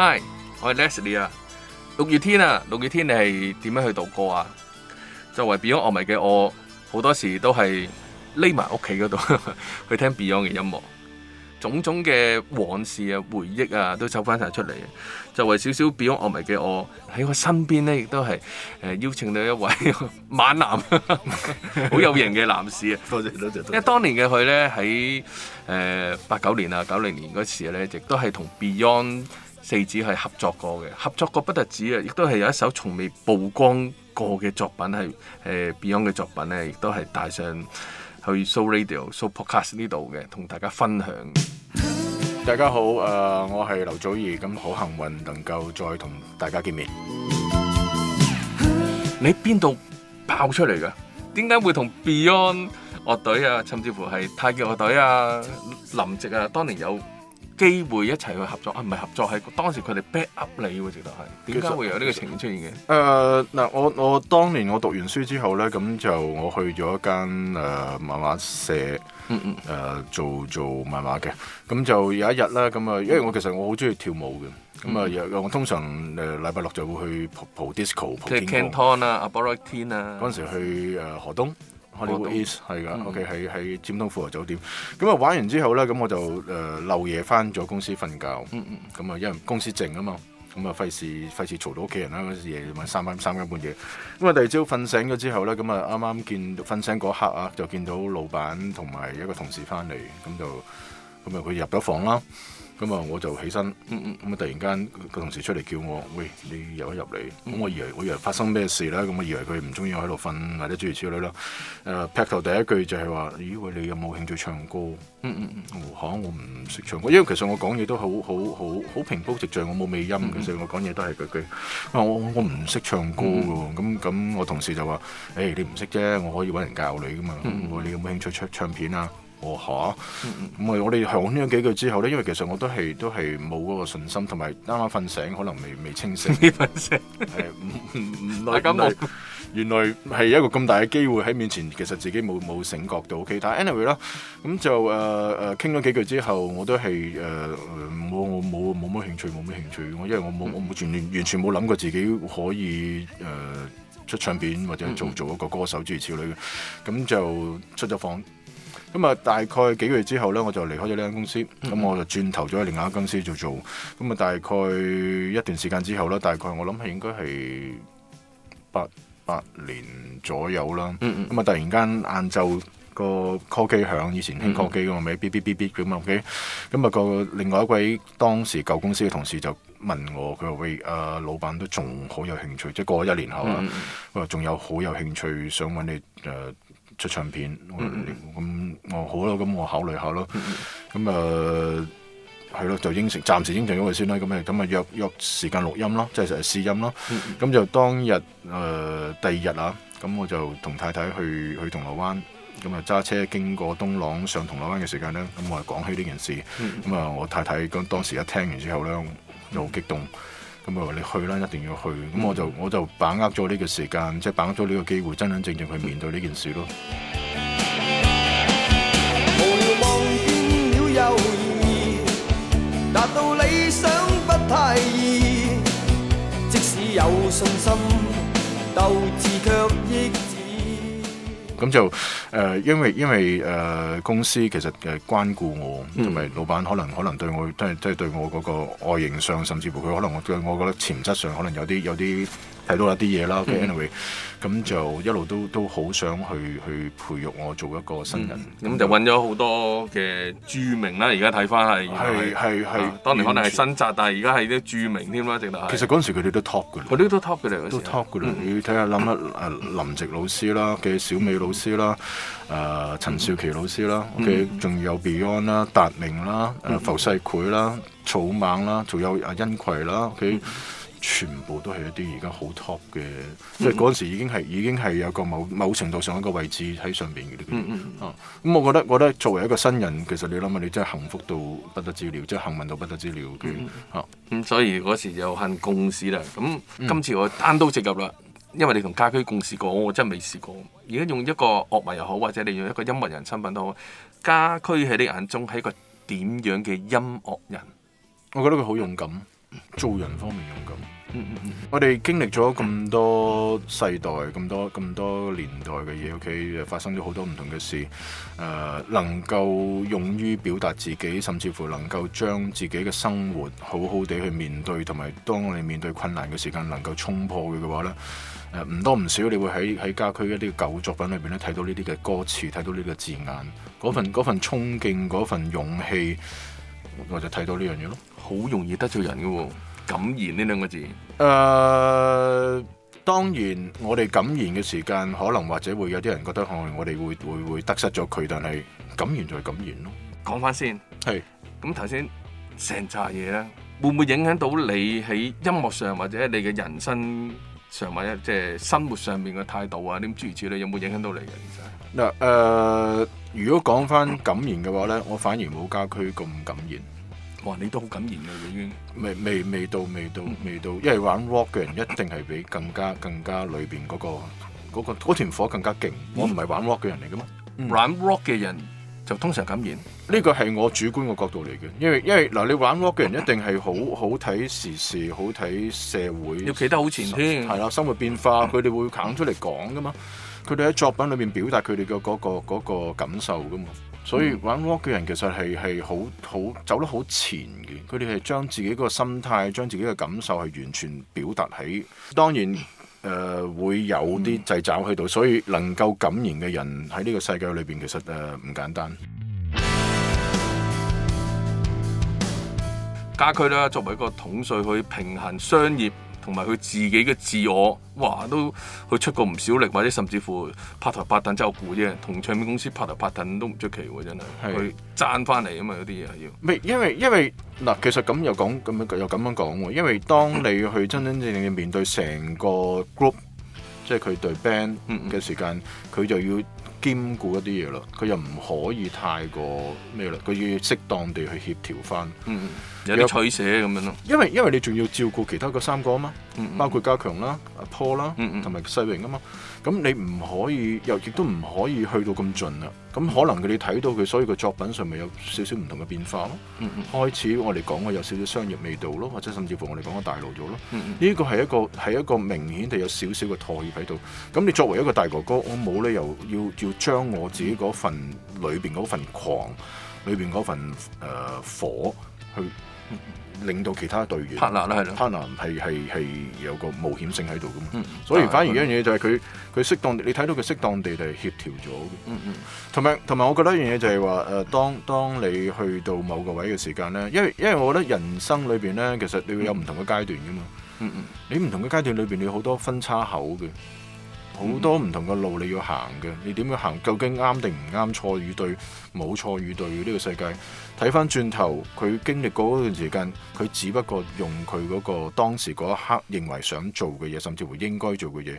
Hi，我係 Leslie 啊。六月天啊，六月天你係點樣去度過啊？作為 Beyond 樂迷嘅我，好多時都係匿埋屋企嗰度去聽 Beyond 嘅音樂，種種嘅往事啊、回憶啊都抽翻晒出嚟。作為少少 Beyond 樂迷嘅我，喺我身邊咧亦都係誒、呃、邀請到一位 晚男， 好有型嘅男士啊。 多謝多謝多謝。因為當年嘅佢咧喺誒八九年啊、九零年嗰時咧，亦都係同 Beyond。四子係合作過嘅，合作過不但止啊，亦都係有一首從未曝光過嘅作品係誒 Beyond 嘅作品咧，亦都係帶上去 Show Radio、Show Podcast 呢度嘅，同大家分享。大家好，誒我係劉祖儀，咁好幸運能夠再同大家見面。你邊度爆出嚟㗎？點解會同 Beyond 樂隊啊，甚至乎係太極樂隊啊、林夕啊，當年有？機會一齊去合作啊，唔係合作係當時佢哋 back up 你喎，直頭係點解會有呢個情出現嘅？誒嗱、呃，我我當年我讀完書之後咧，咁就我去咗一間誒漫畫社，嗯、呃、做做漫畫嘅。咁就有一日啦，咁啊因為我其實我好鍾意跳舞嘅，咁啊、嗯、我通常誒禮拜六就會去蒲蒲 disco，即係 Canton 啊，阿伯樂天啊，嗰陣時去誒、呃、河東。Hollywood is 係㗎，OK 喺喺尖東富豪酒店。咁、嗯、啊玩完之後咧，咁我就誒、呃、漏夜翻咗公司瞓覺，咁啊、嗯嗯、因為公司靜啊嘛，咁啊費事費事嘈到屋企人啦，時夜晚三三更半夜。咁啊第二朝瞓醒咗之後咧，咁啊啱啱見瞓醒嗰刻啊，就見到老闆同埋一個同事翻嚟，咁就咁啊佢入咗房啦。咁啊，我就起身，咁啊突然間個同事出嚟叫我，喂，你又一入嚟，咁我以為我以為發生咩事啦，咁我以為佢唔中意我喺度瞓或者諸如此類啦，誒劈頭第一句就係話，咦喂，你有冇興趣唱歌？嗯，嗯我唔識唱歌，因為其實我講嘢都好好好好平鋪直敍，我冇尾音，嗯、其實我講嘢都係句句，啊我我唔識唱歌噶，咁咁、嗯、我同事就話，誒、欸、你唔識啫，我可以揾人教你噶嘛，嗯、我你有冇興趣唱唱片啊？哦吓，咁啊！我哋傾咗幾句之後咧，因為其實我都係都係冇嗰個信心，同埋啱啱瞓醒，可能未未清醒。未瞓醒，唔唔唔，原來原來係一個咁大嘅機會喺面前，其實自己冇冇醒覺到。OK，但係 anyway 啦，咁就誒誒傾咗幾句之後，我都係誒冇我冇冇乜興趣，冇乜興趣。我因為我冇我完全完全冇諗過自己可以誒出唱片或者做做一個歌手，諸如此類嘅。咁就出咗房。咁啊，大概幾個月之後咧，我就離開咗呢間公司，咁、嗯嗯、我就轉投咗去另一間公司做做。咁啊，大概一段時間之後咧，大概我諗係應該係八八年左右啦。咁啊、嗯嗯，突然間晏晝個 call 機響，以前聽 call 機咁啊，咪嗶嗶嗶嗶咁啊，O K。咁啊，okay? 個另外一位當時舊公司嘅同事就問我，佢話：喂，啊、呃，老闆都仲好有興趣，即係過咗一年後啊，佢話仲有好有興趣想揾你誒。呃出唱片，咁、mm hmm. 我好咯，咁我考慮下咯，咁啊係咯，就應承，暫時應承咗佢先啦。咁咪咁啊約約時間錄音咯，即係成日試音咯。咁、mm hmm. 就當日誒、uh, 第二日啊，咁我就同太太去去銅鑼灣，咁啊揸車經過東朗上銅鑼灣嘅時間咧，咁我係講起呢件事，咁啊、mm hmm. 我太太咁當時一聽完之後咧，又、mm hmm. 好激動。咁啊！我話你去啦，一定要去。咁我就我就把握咗呢個時間，即係把握咗呢個機會，真真正正去面對呢件事咯。咁就誒、呃，因為因為誒公司其實嘅關顧我，同埋老闆可能可能對我都係都係對我嗰個外形上，甚至乎佢可能我對我覺得潛質上可能有啲有啲睇到一啲嘢啦。嗯、Anyway。咁就一路都都好想去去培育我做一個新人，咁就揾咗好多嘅著名啦。而家睇翻係係係係，當年可能係新紮，但係而家係啲著名添啦。其實嗰陣時佢哋都 top 㗎，佢哋都 top 㗎啦，都 top 㗎啦。你要睇下諗下誒林夕老師啦，嘅小美老師啦，誒陳少琪老師啦，佢仲有 Beyond 啦、達明啦、浮世繪啦、草蜢啦，仲有阿欣葵啦，佢。全部都係一啲而家好 top 嘅，即係嗰陣時已經係已經係有個某某程度上一個位置喺上邊嘅。咁我覺得我覺得作為一個新人，其實你諗下，你真係幸福到不得之了，即係幸運到不得之了。咁所以嗰時就恨共事啦，咁今次我單刀直入啦，因為你同家駒共事過，我真係未試過。而家用一個樂迷又好，或者你用一個音樂人身份都好，家駒喺你眼中係一個點樣嘅音樂人？我覺得佢好勇敢。做人方面勇敢，嗯嗯嗯， 我哋經歷咗咁多世代、咁多咁多年代嘅嘢，OK，發生咗好多唔同嘅事。誒、呃，能夠勇於表達自己，甚至乎能夠將自己嘅生活好好地去面對，同埋當我哋面對困難嘅時間，能夠衝破佢嘅話咧，誒、呃，唔多唔少，你會喺喺家居一啲舊作品裏邊咧，睇到呢啲嘅歌詞，睇到呢個字眼，嗰份嗰份衝勁，嗰份，嗰份勇氣。我就睇到呢樣嘢咯，好容易得罪人嘅喎。敢言呢兩個字，誒，當然我哋敢言嘅時間，可能或者會有啲人覺得，可能我哋會會會得失咗佢，但係敢言就係敢言咯。講翻先，係咁頭先成扎嘢咧，會唔會影響到你喺音樂上或者你嘅人生上或者即係生活上面嘅態度啊？啲諸如此類，有冇影響到你嘅？其實嗱誒、呃，如果講翻感染嘅話咧， 我反而冇家駒咁感染。哇！你都好感染㗎，已經未未未到未到未到，到嗯、因為玩 rock 嘅人一定係比更加更加裏邊嗰個嗰、嗰個團、嗰個嗰個、火更加勁。嗯、我唔係玩 rock 嘅人嚟嘅嘛？玩 rock 嘅人就通常感染。呢個係我主觀嘅角度嚟嘅，因為因為嗱、呃，你玩 rock 嘅人一定係好好睇時事，好睇社會，嗯、要企得好前添。係啦，生活變化，佢哋、嗯、會掹出嚟講㗎嘛。佢哋喺作品裏面表達佢哋嘅嗰個感受噶嘛，所以玩 rock 嘅人其實係係好好走得好前嘅，佢哋係將自己個心態、將自己嘅感受係完全表達起。當然誒、呃、會有啲掣肘喺度，所以能夠感染嘅人喺呢個世界裏邊其實誒唔、呃、簡單。家居咧作為一個統帥去平衡商業，同埋佢自己嘅自我，哇都佢出過唔少力，或者甚至乎拍台拍凳，即係我估啫，同唱片公司拍台拍凳都唔出奇喎真係，佢賺翻嚟啊嘛，有啲嘢係要。咪因為因為嗱，其實咁又講咁樣又咁樣講喎，因為當你去真真正正面對成個 group， 即係佢對 band 嘅時間，佢就要。兼顧一啲嘢咯，佢又唔可以太過咩啦，佢要適當地去協調翻，嗯，有啲取捨咁樣咯。因為因為你仲要照顧其他嗰三個啊嘛。包括加強啦、啊、阿 p 啦，同埋細榮啊嘛，咁、嗯、你唔可以又亦都唔可以去到咁盡啦，咁可能佢哋睇到佢，所以個作品上咪有少少唔同嘅變化咯、啊。嗯嗯、開始我哋講嘅有少少商業味道咯、啊，或者甚至乎我哋講嘅大路咗咯。呢個係一個係一個明顯地有少少嘅妥協喺度。咁你作為一個大哥哥，我冇理由要要將我自己嗰份裏邊嗰份狂，裏邊嗰份誒、呃、火去。嗯令到其他隊員 partner 啦，係咯，partner 係係係有個冒險性喺度噶嘛，嗯、所以反而一樣嘢就係佢佢適當地，你睇到佢適當地就係協調咗、嗯。嗯嗯，同埋同埋，我覺得一樣嘢就係話誒，當當你去到某個位嘅時間咧，因為因為我覺得人生裏邊咧，其實你會有唔同嘅階段噶嘛。嗯嗯，喺、嗯、唔同嘅階段裏邊，你好多分叉口嘅。好多唔同嘅路你要行嘅，你點樣行？究竟啱定唔啱？錯與對，冇錯與對呢個世界。睇翻轉頭，佢經歷過嗰段時間，佢只不過用佢嗰個當時嗰一刻認為想做嘅嘢，甚至乎應該做嘅嘢，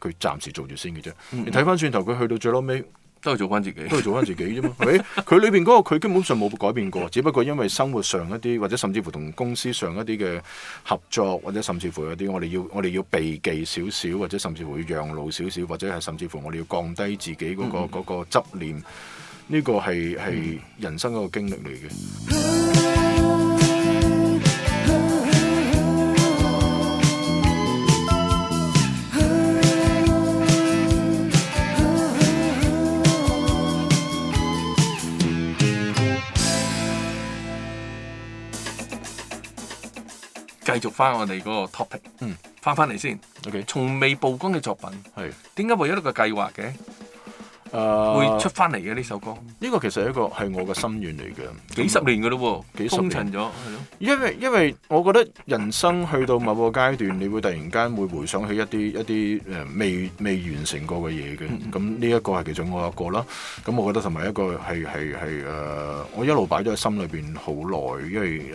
佢暫時做住先嘅啫。 你睇翻轉頭，佢去到最落尾。都係做翻自己，都係做翻自己啫嘛。佢佢裏邊嗰個佢根本上冇改變過，只不過因為生活上一啲，或者甚至乎同公司上一啲嘅合作，或者甚至乎有啲我哋要我哋要避忌少少，或者甚至乎讓路少少，或者係甚至乎我哋要降低自己嗰、嗰個嗰、嗯、個執念。呢、呢個係係人生一個經歷嚟嘅。繼續翻我哋嗰個 topic，嗯，翻翻嚟先。OK，從未曝光嘅作品係點解為咗呢個計劃嘅？誒，會出翻嚟嘅呢首歌？呢個其實一個係我嘅心願嚟嘅，幾十年噶咯，幾十年，封塵咗係咯。因為因為我覺得人生去到某個階段，你會突然間會回想起一啲一啲誒未未完成過嘅嘢嘅。咁呢一個係其中我一個啦。咁我覺得同埋一個係係係誒，我一路擺咗喺心裏邊好耐，因為誒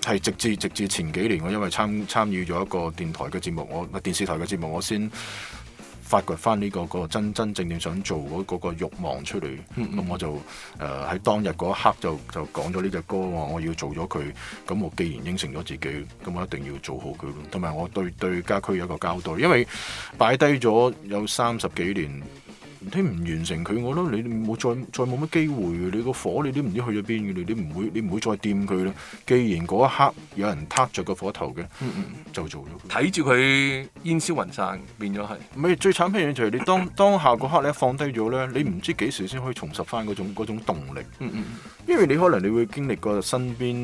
係直至直至前幾年，我因為參參與咗一個電台嘅節目，我唔電視台嘅節目，我先。發掘翻、這、呢個、那個真真正正想做嗰嗰、那個慾望出嚟，咁、嗯、我就誒喺、呃、當日嗰一刻就就講咗呢隻歌，我要做咗佢，咁我既然應承咗自己，咁我一定要做好佢咯，同埋我對對家區有一個交代，因為擺低咗有三十幾年。你唔完成佢我咯，你冇再再冇乜機會，你個火你都唔知去咗邊嘅你，你唔會你唔會再掂佢咯。既然嗰一刻有人撻着個火頭嘅，嗯嗯，就做咗佢，睇住佢煙消雲散，變咗係，唔係最慘嘅嘢就係你當當下嗰刻你一放低咗咧，你唔知幾時先可以重拾翻嗰種嗰種動力，嗯嗯。因為你可能你會經歷過身邊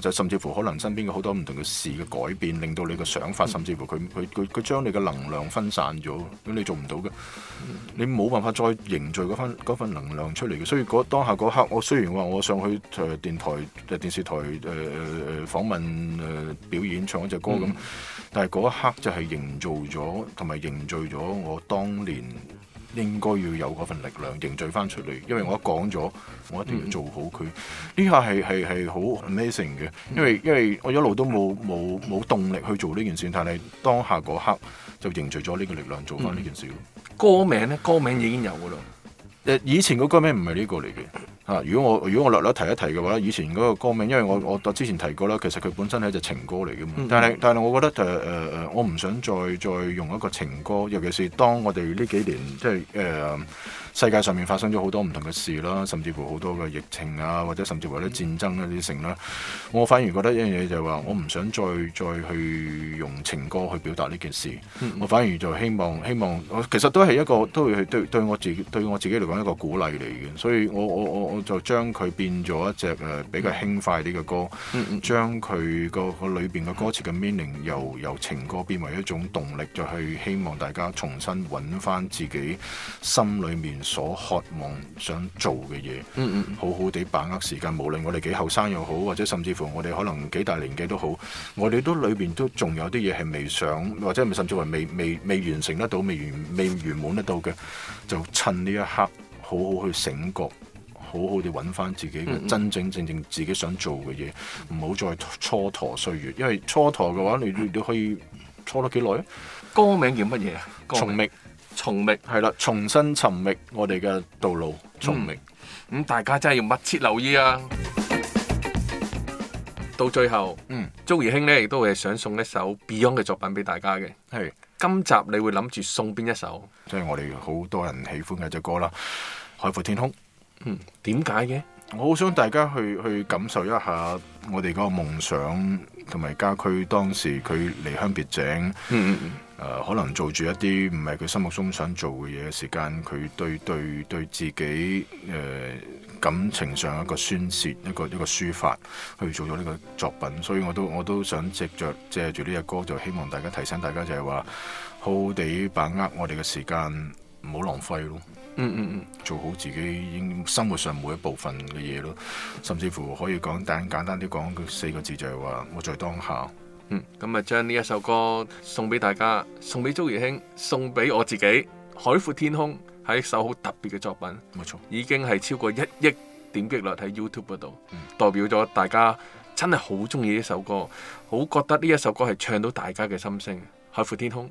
誒，即、呃、甚至乎可能身邊嘅好多唔同嘅事嘅改變，令到你嘅想法，嗯、甚至乎佢佢佢佢將你嘅能量分散咗，咁你做唔到嘅，嗯、你冇辦法再凝聚嗰份、嗰份能量出嚟嘅。所以嗰當下嗰刻，我雖然話我上去誒電台、電視台誒誒訪問、呃、表演唱一隻歌咁，嗯、但係嗰一刻就係營造咗，同埋凝聚咗我當年。應該要有嗰份力量凝聚翻出嚟，因為我講咗，我一定要做好佢。呢、嗯、下係係係好 amazing 嘅，因為因為我一路都冇冇冇動力去做呢件事，但係當下嗰刻就凝聚咗呢個力量做翻呢件事咯、嗯。歌名咧，歌名已經有噶啦。誒，以前個歌名唔係呢個嚟嘅。啊！如果我如果我略略提一提嘅話，以前嗰個歌名，因為我我之前提過啦，其實佢本身係一隻情歌嚟嘅嘛。但係，但係我覺得誒誒誒我唔想再再用一個情歌，尤其是當我哋呢幾年即係誒、呃、世界上面發生咗好多唔同嘅事啦，甚至乎好多嘅疫情啊，或者甚至乎咧戰爭嗰啲咁啦，我反而覺得一樣嘢就係話我唔想再再去用情歌去表達呢件事。嗯、我反而就希望希望，其實都係一個都係對對我自對我自己嚟講一個鼓勵嚟嘅，所以我我我。我我就將佢變咗一隻誒比較輕快啲嘅歌，嗯嗯將佢個個裏邊嘅歌詞嘅 meaning 由由情歌變為一種動力，就去希望大家重新揾返自己心裏面所渴望想做嘅嘢，嗯嗯好好地把握時間。無論我哋幾後生又好，或者甚至乎我哋可能幾大年紀都好，我哋都裏邊都仲有啲嘢係未想，或者甚至乎未未未完成得到，未完未完滿得到嘅，就趁呢一刻好好去醒覺。好好地揾翻自己嘅真正，正正正自己想做嘅嘢，唔好再蹉跎歲月。因為蹉跎嘅話你，你你可以蹉跎幾耐？歌名叫乜嘢啊？重覓，重覓，係啦，重新尋覓我哋嘅道路。重覓，咁、嗯嗯、大家真係要密切留意啊！到最後，嗯，周怡卿咧亦都會想送一首 Beyond 嘅作品俾大家嘅。係是今集你會諗住送邊一首？即係、 就是、我哋好多人喜歡嘅隻歌啦，《海闊天空》。嗯，點解嘅？我好想大家去去感受一下我哋嗰個夢想同埋家駒當時佢離鄉別井，嗯誒、嗯嗯呃，可能做住一啲唔係佢心目中想做嘅嘢，嘅時間佢對對對自己誒、呃、感情上一個宣泄，一個一個抒發去做咗呢個作品，所以我都我都想藉著借住呢隻歌，就希望大家提醒大家就係話好好地把握我哋嘅時間，唔好浪費咯。嗯嗯嗯，嗯做好自己，生活上每一部分嘅嘢咯，甚至乎可以講，但簡單啲講，四個字就係話我在當下。嗯，咁啊將呢一首歌送俾大家，送俾周賢興，送俾我自己。海闊天空係一首好特別嘅作品，冇錯，已經係超過一億點擊率喺 YouTube 度，嗯、代表咗大家真係好鍾意呢首歌，好覺得呢一首歌係唱到大家嘅心聲。海闊天空。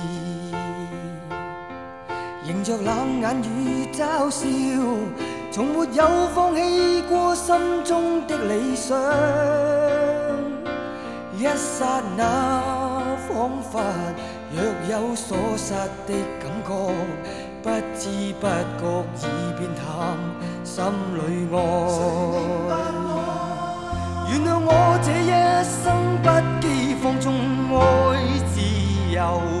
迎着冷眼與嘲笑，從沒有放棄過心中的理想。一剎那恍惚若有所失的感覺，不知不覺已變淡，心裏愛。原諒我這一生不羈放縱愛自由。